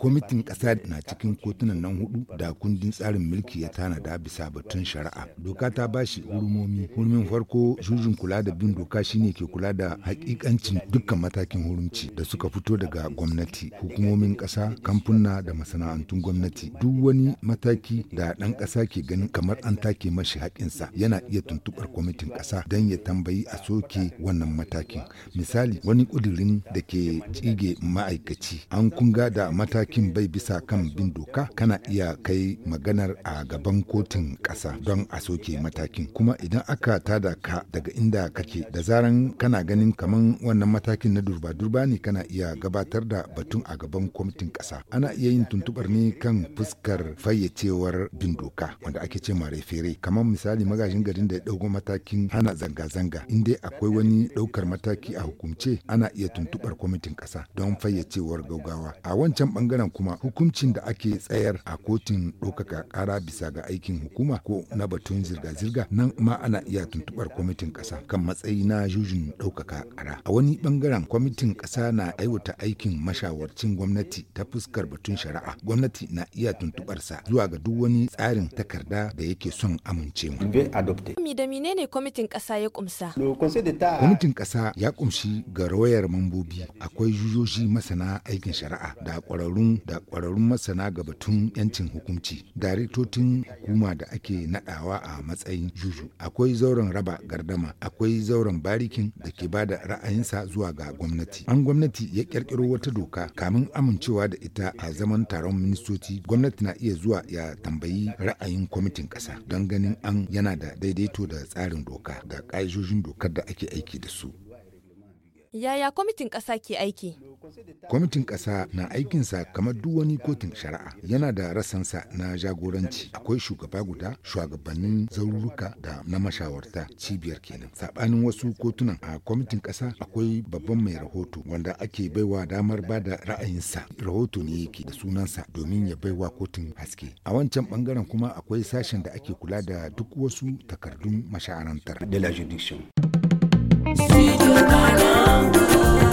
Kwamitin ƙasa na cikin kotunan nan hudu da kundin tsarin mulki ya tanada bisa batun shari'a. Doka ta ba shi hurumomi. Hurumin farko jujin kula da bin doka shine ke kula da hakikancin dukkan matakin hurumci da suka fito daga gwamnati, hukumomin ƙasa, kamfuna da masana'antun gwamnati. Duk wani mataki da ɗan ƙasa ke ganin kamar an take mashi haƙinsa yana iya tuntuɓar kwamitin ƙasa don ya tambayi a soke wannan matakin. Misali wani ƙudurin da ke tsige ma'aikaci an kunga da matakin bai bisa kan bin doka kana iya kai maganar a gaban kotun ƙasa don a soke matakin kuma idan aka tada ka daga inda kake da zaran kana ganin kaman wannan matakin na durba-durba ne kana iya gabatar da batun a gaban kwamitin ƙasa ana iya yin tuntubar ne kan fuskar fayyacewar bin doka wanda ake ce ma refere kamar misali magajin garin da ya ɗauko matakin hana zanga-zanga in dai akwai wani ɗaukar mataki a hukumce ana iya tuntubar kwamitin ƙasa don fayyacewar gaugawa a wancan bangaren kuma hukuncin da ake tsayar a kotun ɗaukaka ƙara bisa ga aikin hukuma ko na batun zirga-zirga nan ma ana iya tuntuɓar kwamitin ƙasa kan matsayi na jujun ɗaukaka ƙara. A wani bangaren kwamitin ƙasa na aiwata aikin mashawarcin gwamnati ta fuskar batun shari'a. Gwamnati na iya sa zuwa ga duk wani tsarin takarda da yake son amincewa. Mi da menene kwamitin ƙasa ya kumsa? Kwamitin ƙasa ya kumshi ga rawayar mambobi akwai jujoji masana aikin shari'a da da ƙwararrun da kwararrun masana ga batun 'yancin hukunci daritotin hukuma da ake naɗawa a matsayin juju akwai zauren raba gardama akwai zauren barikin da ke ba da ra'ayinsa zuwa ga gwamnati an gwamnati ya ƙirƙiro wata doka kamin amincewa da ita a zaman taron ministoci gwamnati na iya zuwa ya tambayi ra'ayin kwamitin ƙasa don ganin an yana da daidaito da tsarin doka da ƙa'idojin dokar da ake aiki da su Yaya kwamitin ƙasa ke aiki? Kwamitin ƙasa na aikinsa kamar duk wani kotun shari'a yana da rasansa na jagoranci akwai shugaba guda shugabannin zaruruka da na mashawarta cibiyar kenan. Saɓanin wasu kotunan a kwamitin ƙasa akwai babban mai rahoto wanda ake baiwa damar ba da ra'ayinsa rahoto ne yake da sunansa domin ya baiwa kotun haske. A wancan ɓangaren kuma akwai sashen da ake kula da duk wasu takardun masha'arantar. Studio Balangu.